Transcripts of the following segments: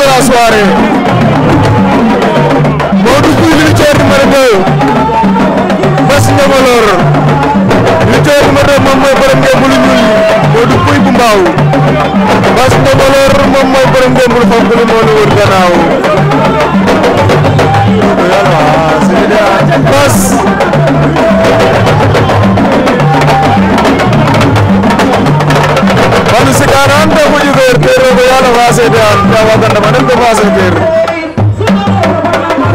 de la soirée Modou Pouye lutteur numéro 2 Bass Njongoloor lutteur numéro 2 moom mooy borom ngeen bulu ñuul Modou Pouye bu mbaaw Bass Njongoloor moom mooy borom ngeen bulu foofu lu moo wër gannaaw a Diafakan dama dem defaaseeteer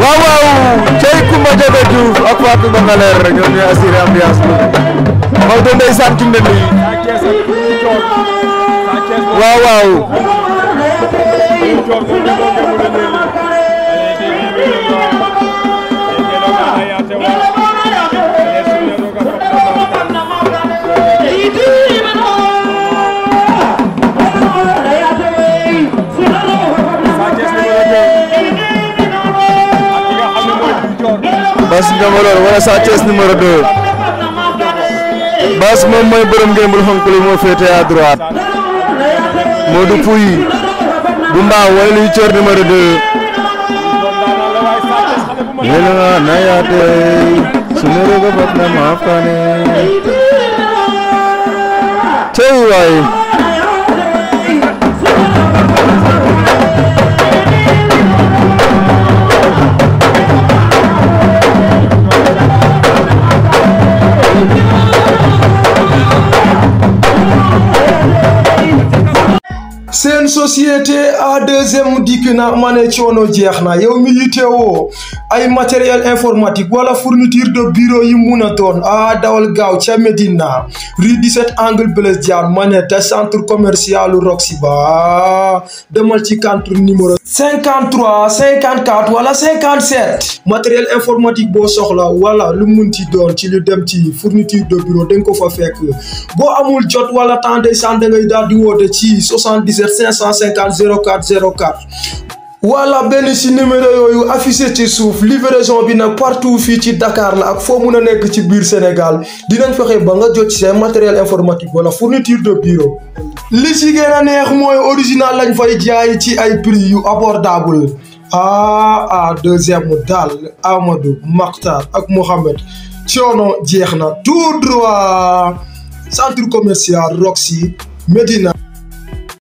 waaw waaw cey Kumba Jabe Diouf ak Fatou Bangaleer ñoom ñooy assuré ambiance bi Maodo ndeysaan tunda nii waaw waaw Bass Ndiambo Lor wala Sa Thiès numéro 2 Bass moom mooy borom ngémbul xonk li moo féete à droite Modou Pouy bu mbaaw wala luy cër numéro 2 yéen a na yaate su ma rogo bopp na ma afkaane cey waay seen société à deuxième dikk na ma ne coono jeex na yow mi yitewoo ay matériel informatique wala fourniture de bureau yi mun a doon a dawal gaaw ca Médina rue 17 angle Blaise Diagne ma ne te centre commercial Roxy ba demal ci centre numéro cinquante 54 wala 57 matériel informatique boo soxla wala lu mun ci doon ci lu dem ci fourniture de bureau da nga ko fa fekk amul jot wala temps de da ngay daal ci 77 550 04 04 voilà ben si numéro yoyu affiché ci souf livraison bi na partout fi ci Dakar la ak fo mun a ci Sénégal dinañ fexé ba nga jot matériel informatique voilà fourniture de bureau. li ci gëna neex moy original lañ fay jaay ci ay prix yu abordable ah ah deuxième dal Amadou Makhtar ak Mohamed coono jeexna tout droit centre commercial Roxy Medina.